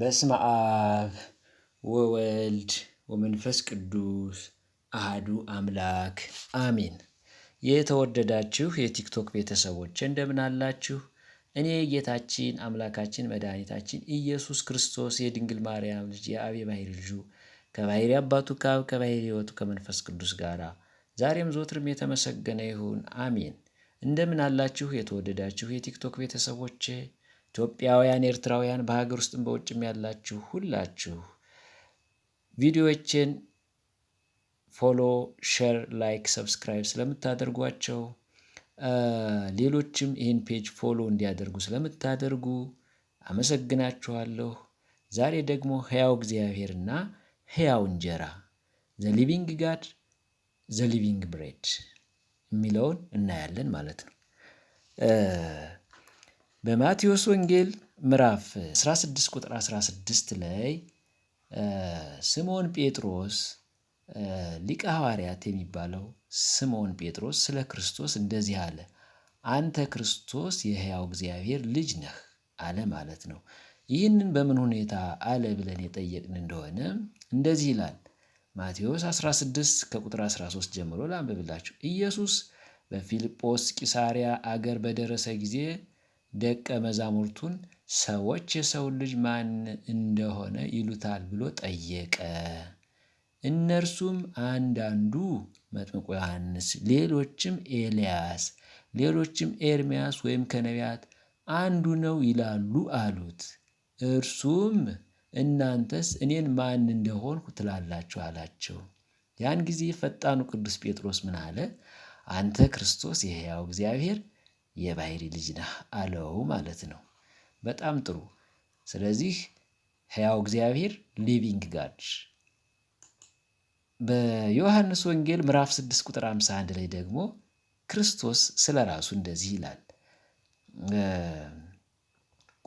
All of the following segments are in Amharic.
በስመ አብ ወወልድ ወመንፈስ ቅዱስ አህዱ አምላክ አሚን። የተወደዳችሁ የቲክቶክ ቤተሰቦች እንደምን አላችሁ? እኔ ጌታችን አምላካችን መድኃኒታችን ኢየሱስ ክርስቶስ የድንግል ማርያም ልጅ የአብ የባሕሪ ልጁ ከባሕሪ አባቱ ከአብ ከባሕሪ ሕይወቱ ከመንፈስ ቅዱስ ጋር ዛሬም ዘወትርም የተመሰገነ ይሁን አሚን። እንደምን አላችሁ? የተወደዳችሁ የቲክቶክ ቤተሰቦቼ ኢትዮጵያውያን፣ ኤርትራውያን በሀገር ውስጥም በውጭም ያላችሁ ሁላችሁ ቪዲዮዎችን ፎሎ፣ ሼር፣ ላይክ፣ ሰብስክራይብ ስለምታደርጓቸው ሌሎችም ይህን ፔጅ ፎሎ እንዲያደርጉ ስለምታደርጉ አመሰግናችኋለሁ። ዛሬ ደግሞ ሕያው እግዚአብሔርና ሕያው እንጀራ ዘ ሊቪንግ ጋድ ዘ ሊቪንግ ብሬድ የሚለውን እናያለን ማለት ነው። በማቴዎስ ወንጌል ምዕራፍ 16 ቁጥር 16 ላይ ስምዖን ጴጥሮስ ሊቀ ሐዋርያት የሚባለው ስምዖን ጴጥሮስ ስለ ክርስቶስ እንደዚህ አለ። አንተ ክርስቶስ የሕያው እግዚአብሔር ልጅ ነህ አለ ማለት ነው። ይህንን በምን ሁኔታ አለ ብለን የጠየቅን እንደሆነ እንደዚህ ይላል። ማቴዎስ 16 ከቁጥር 13 ጀምሮ ላንብብላችሁ። ኢየሱስ በፊልጶስ ቂሳሪያ አገር በደረሰ ጊዜ ደቀ መዛሙርቱን ሰዎች የሰውን ልጅ ማን እንደሆነ ይሉታል ብሎ ጠየቀ። እነርሱም አንዳንዱ መጥምቁ ዮሐንስ፣ ሌሎችም ኤልያስ፣ ሌሎችም ኤርምያስ ወይም ከነቢያት አንዱ ነው ይላሉ አሉት። እርሱም እናንተስ እኔን ማን እንደሆንኩ ትላላችሁ አላቸው። ያን ጊዜ ፈጣኑ ቅዱስ ጴጥሮስ ምን አለ? አንተ ክርስቶስ የሕያው እግዚአብሔር የባህሪ ልጅ ነህ አለው ማለት ነው። በጣም ጥሩ ስለዚህ ህያው እግዚአብሔር ሊቪንግ ጋድ በዮሐንስ ወንጌል ምዕራፍ 6 ቁጥር 51 ላይ ደግሞ ክርስቶስ ስለ ራሱ እንደዚህ ይላል።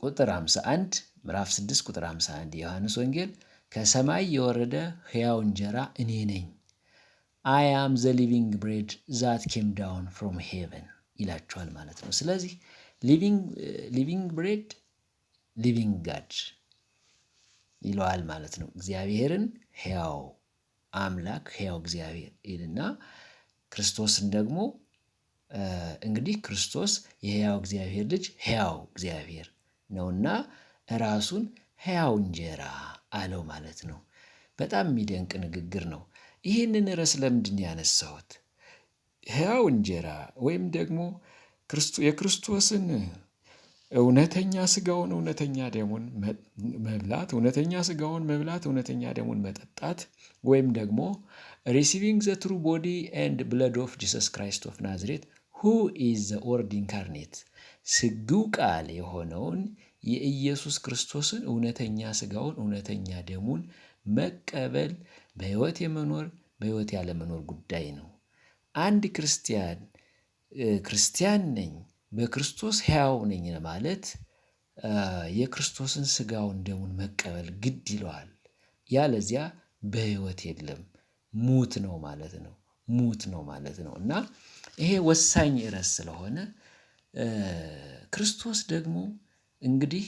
ቁጥር 51 ምዕራፍ 6 ቁጥር 51 የዮሐንስ ወንጌል ከሰማይ የወረደ ሕያው እንጀራ እኔ ነኝ። አይ አም ዘ ሊቪንግ ብሬድ ዛት ኬም ዳውን ፍሮም ሄቨን ይላቸዋል ማለት ነው። ስለዚህ ሊቪንግ ብሬድ ሊቪንግ ጋድ ይለዋል ማለት ነው። እግዚአብሔርን ሕያው አምላክ ሕያው እግዚአብሔር ይልና ክርስቶስን ደግሞ እንግዲህ ክርስቶስ የሕያው እግዚአብሔር ልጅ ሕያው እግዚአብሔር ነውና ራሱን ሕያው እንጀራ አለው ማለት ነው። በጣም የሚደንቅ ንግግር ነው። ይህንን ርዕስ ለምንድን ያነሳሁት? ሕያው እንጀራ ወይም ደግሞ የክርስቶስን እውነተኛ ስጋውን እውነተኛ ደሙን መብላት እውነተኛ ስጋውን መብላት እውነተኛ ደሙን መጠጣት ወይም ደግሞ ሪሲቪንግ ዘ ትሩ ቦዲ ኤንድ ብለድ ኦፍ ጂሰስ ክራይስት ኦፍ ናዝሬት ሁ ኢዝ ዘ ወርድ ኢንካርኔት ስግው ቃል የሆነውን የኢየሱስ ክርስቶስን እውነተኛ ስጋውን እውነተኛ ደሙን መቀበል በሕይወት የመኖር በሕይወት ያለመኖር ጉዳይ ነው። አንድ ክርስቲያን ክርስቲያን ነኝ በክርስቶስ ሕያው ነኝ ማለት የክርስቶስን ሥጋውን ደሙን መቀበል ግድ ይለዋል። ያለዚያ በሕይወት የለም ሙት ነው ማለት ነው። ሙት ነው ማለት ነው እና ይሄ ወሳኝ ርዕስ ስለሆነ ክርስቶስ ደግሞ እንግዲህ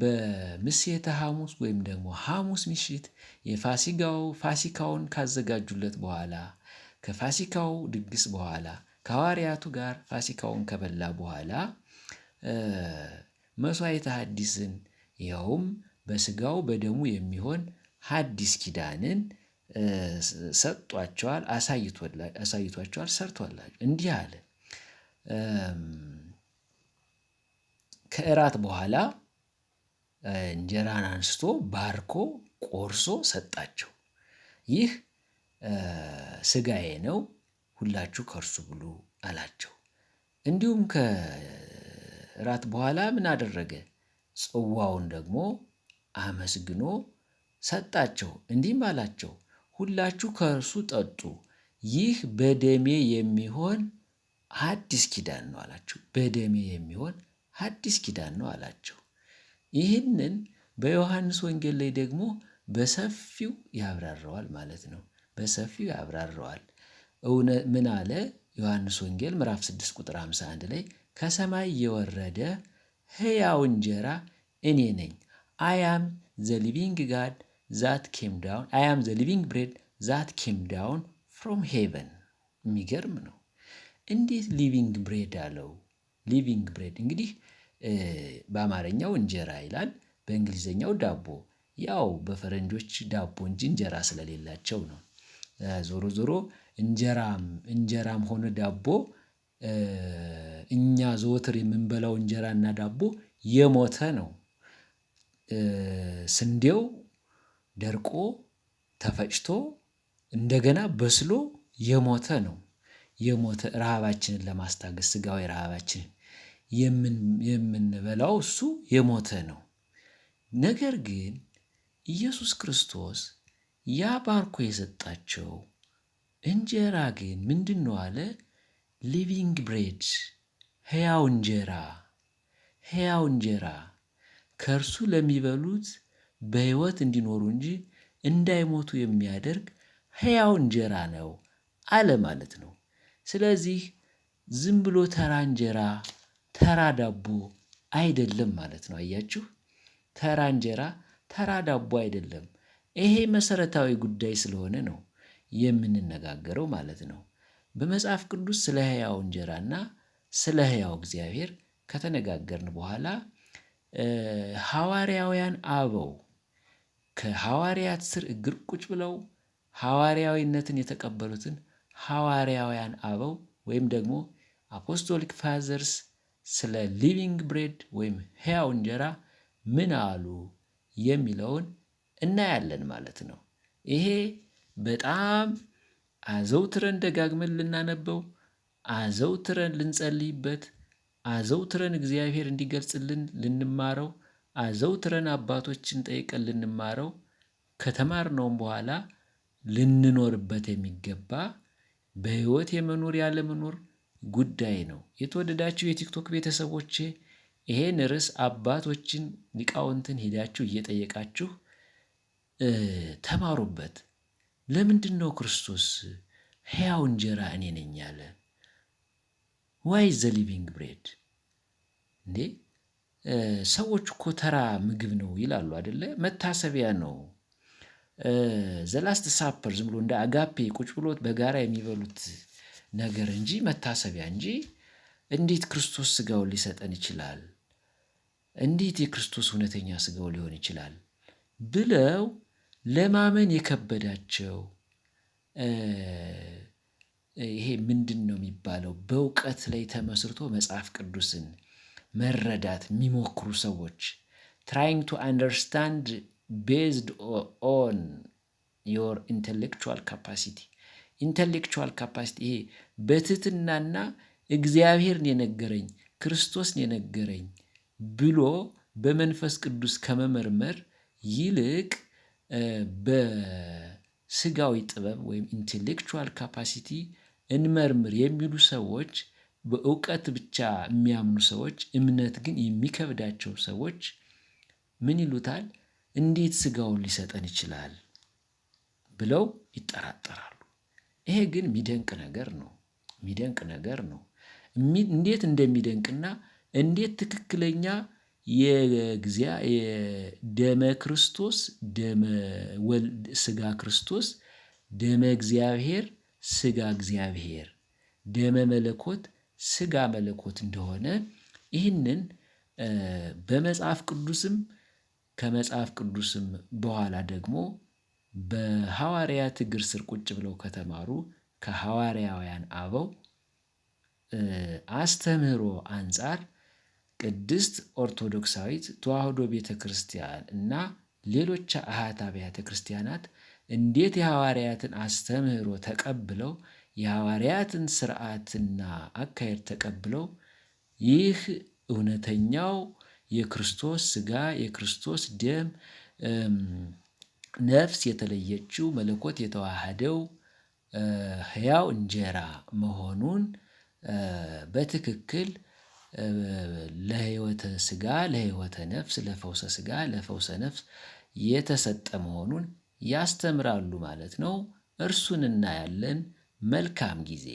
በምሴተ ሐሙስ ወይም ደግሞ ሐሙስ ምሽት የፋሲካው ፋሲካውን ካዘጋጁለት በኋላ ከፋሲካው ድግስ በኋላ ከሐዋርያቱ ጋር ፋሲካውን ከበላ በኋላ መሥዋዕተ ሐዲስን ይኸውም በስጋው በደሙ የሚሆን ሐዲስ ኪዳንን ሰጧቸዋል፣ አሳይቷቸዋል፣ ሰርቷላቸው እንዲህ አለ። ከእራት በኋላ እንጀራን አንስቶ ባርኮ ቆርሶ ሰጣቸው። ይህ ስጋዬ ነው፣ ሁላችሁ ከእርሱ ብሉ አላቸው። እንዲሁም ከእራት በኋላ ምን አደረገ? ጽዋውን ደግሞ አመስግኖ ሰጣቸው፣ እንዲህም አላቸው፣ ሁላችሁ ከእርሱ ጠጡ፣ ይህ በደሜ የሚሆን አዲስ ኪዳን ነው አላቸው። በደሜ የሚሆን አዲስ ኪዳን ነው አላቸው። ይህንን በዮሐንስ ወንጌል ላይ ደግሞ በሰፊው ያብራረዋል ማለት ነው። በሰፊው ያብራረዋል ምን አለ? ዮሐንስ ወንጌል ምዕራፍ 6 ቁጥር 51 ላይ ከሰማይ የወረደ ሕያው እንጀራ እኔ ነኝ። አያም ዘ ሊቪንግ ጋድ ዛት ኬም ዳውን አያም ዘ ሊቪንግ ብሬድ ዛት ኬም ዳውን ፍሮም ሄቨን። የሚገርም ነው። እንዴት ሊቪንግ ብሬድ አለው? ሊቪንግ ብሬድ እንግዲህ በአማርኛው እንጀራ ይላል፣ በእንግሊዝኛው ዳቦ። ያው በፈረንጆች ዳቦ እንጂ እንጀራ ስለሌላቸው ነው። ዞሮ ዞሮ እንጀራም እንጀራም ሆነ ዳቦ እኛ ዘወትር የምንበላው እንጀራና ዳቦ የሞተ ነው። ስንዴው ደርቆ ተፈጭቶ እንደገና በስሎ የሞተ ነው። የሞተ ረሃባችንን ለማስታገስ ስጋዊ ረሃባችን የምንበላው እሱ የሞተ ነው። ነገር ግን ኢየሱስ ክርስቶስ ያ ባርኮ የሰጣቸው እንጀራ ግን ምንድን ነው አለ? ሊቪንግ ብሬድ ሕያው እንጀራ፣ ሕያው እንጀራ ከእርሱ ለሚበሉት በሕይወት እንዲኖሩ እንጂ እንዳይሞቱ የሚያደርግ ሕያው እንጀራ ነው አለ ማለት ነው። ስለዚህ ዝም ብሎ ተራ እንጀራ ተራ ዳቦ አይደለም ማለት ነው። አያችሁ፣ ተራ እንጀራ ተራ ዳቦ አይደለም። ይሄ መሰረታዊ ጉዳይ ስለሆነ ነው የምንነጋገረው ማለት ነው። በመጽሐፍ ቅዱስ ስለ ሕያው እንጀራና ስለ ሕያው እግዚአብሔር ከተነጋገርን በኋላ ሐዋርያውያን አበው ከሐዋርያት ስር እግር ቁጭ ብለው ሐዋርያዊነትን የተቀበሉትን ሐዋርያውያን አበው ወይም ደግሞ አፖስቶሊክ ፋዘርስ ስለ ሊቪንግ ብሬድ ወይም ሕያው እንጀራ ምን አሉ የሚለውን እናያለን ማለት ነው። ይሄ በጣም አዘውትረን ደጋግመን ልናነበው አዘውትረን ልንጸልይበት አዘውትረን እግዚአብሔር እንዲገልጽልን ልንማረው አዘውትረን አባቶችን ጠይቀን ልንማረው ከተማርነውም በኋላ ልንኖርበት የሚገባ በህይወት የመኖር ያለመኖር ጉዳይ ነው። የተወደዳችሁ የቲክቶክ ቤተሰቦቼ ይሄን ርዕስ አባቶችን ሊቃውንትን ሄዳችሁ እየጠየቃችሁ ተማሩበት። ለምንድን ነው ክርስቶስ ሕያው እንጀራ እኔ ነኝ ያለ? ዋይ ዘ ሊቪንግ ብሬድ እንዴ! ሰዎች እኮ ተራ ምግብ ነው ይላሉ አደለ? መታሰቢያ ነው። ዘላስት ሳፐር ዝም ብሎ እንደ አጋፔ ቁጭ ብሎት በጋራ የሚበሉት ነገር እንጂ መታሰቢያ እንጂ እንዴት ክርስቶስ ስጋውን ሊሰጠን ይችላል? እንዴት የክርስቶስ እውነተኛ ስጋው ሊሆን ይችላል ብለው ለማመን የከበዳቸው ይሄ ምንድነው የሚባለው በእውቀት ላይ ተመስርቶ መጽሐፍ ቅዱስን መረዳት የሚሞክሩ ሰዎች ትራይንግ ቱ አንደርስታንድ ቤዝድ ኦን ዮር ኢንተሌክቹዋል ካፓሲቲ ኢንተሌክቹዋል ካፓሲቲ ይሄ በትህትናና እግዚአብሔርን የነገረኝ ክርስቶስን የነገረኝ ብሎ በመንፈስ ቅዱስ ከመመርመር ይልቅ በስጋዊ ጥበብ ወይም ኢንቴሌክቹዋል ካፓሲቲ እንመርምር የሚሉ ሰዎች በእውቀት ብቻ የሚያምኑ ሰዎች እምነት ግን የሚከብዳቸው ሰዎች ምን ይሉታል? እንዴት ስጋውን ሊሰጠን ይችላል ብለው ይጠራጠራሉ። ይሄ ግን የሚደንቅ ነገር ነው። የሚደንቅ ነገር ነው። እንዴት እንደሚደንቅና እንዴት ትክክለኛ የእግዚአ የደመ ክርስቶስ ደመ ወልድ ስጋ ክርስቶስ ደመ እግዚአብሔር ስጋ እግዚአብሔር ደመ መለኮት ስጋ መለኮት እንደሆነ ይህንን በመጽሐፍ ቅዱስም ከመጽሐፍ ቅዱስም በኋላ ደግሞ በሐዋርያት እግር ስር ቁጭ ብለው ከተማሩ ከሐዋርያውያን አበው አስተምህሮ አንፃር ቅድስት ኦርቶዶክሳዊት ተዋህዶ ቤተ ክርስቲያን እና ሌሎች አሃት አብያተ ክርስቲያናት እንዴት የሐዋርያትን አስተምህሮ ተቀብለው የሐዋርያትን ስርዓትና አካሄድ ተቀብለው ይህ እውነተኛው የክርስቶስ ስጋ የክርስቶስ ደም ነፍስ የተለየችው መለኮት የተዋህደው ሕያው እንጀራ መሆኑን በትክክል ለህይወተ ስጋ ለህይወተ ነፍስ ለፈውሰ ስጋ ለፈውሰ ነፍስ የተሰጠ መሆኑን ያስተምራሉ ማለት ነው። እርሱን እናያለን። መልካም ጊዜ